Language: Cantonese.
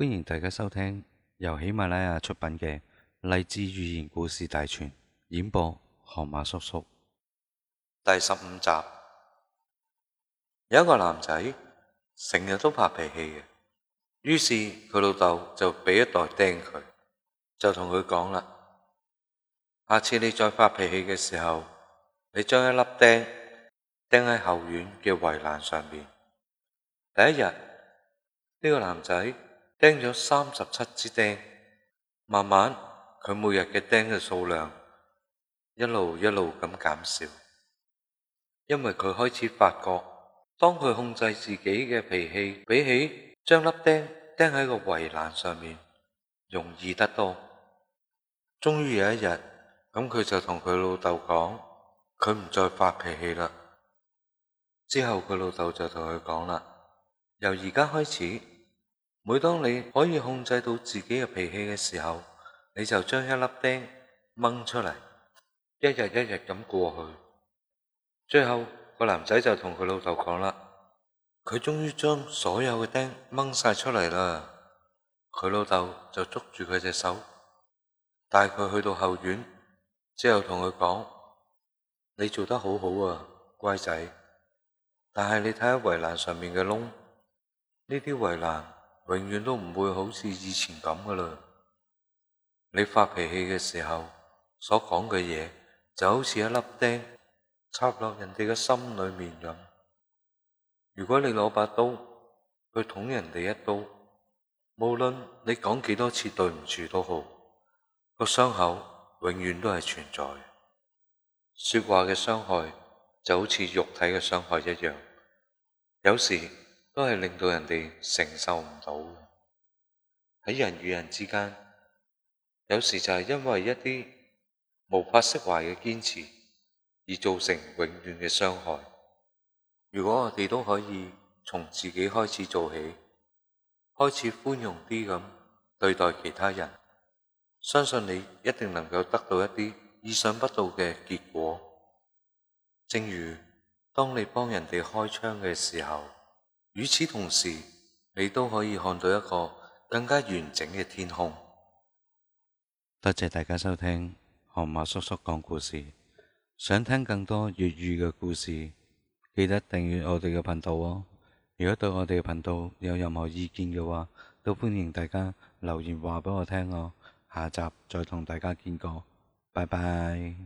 歡迎大家收聽由喜馬拉雅出品嘅《勵志寓言故事大全》，演播河馬叔叔，第十五集。有一個男仔成日都發脾氣嘅，於是佢老豆就俾一袋釘佢，就同佢講啦：下次你再發脾氣嘅時候，你將一粒釘釘喺後院嘅圍欄上面。第一日呢個男仔。釘咗三十七支釘，慢慢佢每日嘅釘嘅數量一路一路咁減少，因為佢開始發覺，當佢控制自己嘅脾氣，比起將粒釘釘喺個圍欄上面，容易得多。終於有一日，咁佢就同佢老豆講，佢唔再發脾氣啦。之後佢老豆就同佢講啦，由而家開始。每當你可以控制到自己嘅脾氣嘅時候，你就將一粒釘掹出嚟，一日一日咁過去。最後個男仔就同佢老豆講啦，佢終於將所有嘅釘掹晒出嚟啦。佢老豆就捉住佢隻手，帶佢去到後院，之後同佢講：你做得好好啊，乖仔。但係你睇下圍欄上面嘅窿，呢啲圍欄。永遠都唔會好似以前咁㗎喇！你發脾氣嘅時候所講嘅嘢，就好似一粒釘插落人哋嘅心裏面咁。如果你攞把刀去捅人哋一刀，無論你講幾多次對唔住都好，個傷口永遠都係存在。說話嘅傷害就好似肉體嘅傷害一樣，有時。都係令到人哋承受唔到，喺人與人之間，有時就係因為一啲無法釋懷嘅堅持，而造成永遠嘅傷害。如果我哋都可以從自己開始做起，開始寬容啲咁對待其他人，相信你一定能夠得到一啲意想不到嘅結果。正如當你幫人哋開窗嘅時候，與此同時，你都可以看到一個更加完整嘅天空。多謝大家收聽河馬叔叔講故事。想聽更多粵語嘅故事，記得訂閱我哋嘅頻道哦。如果對我哋嘅頻道有任何意見嘅話，都歡迎大家留言話俾我聽哦。下集再同大家見過，拜拜。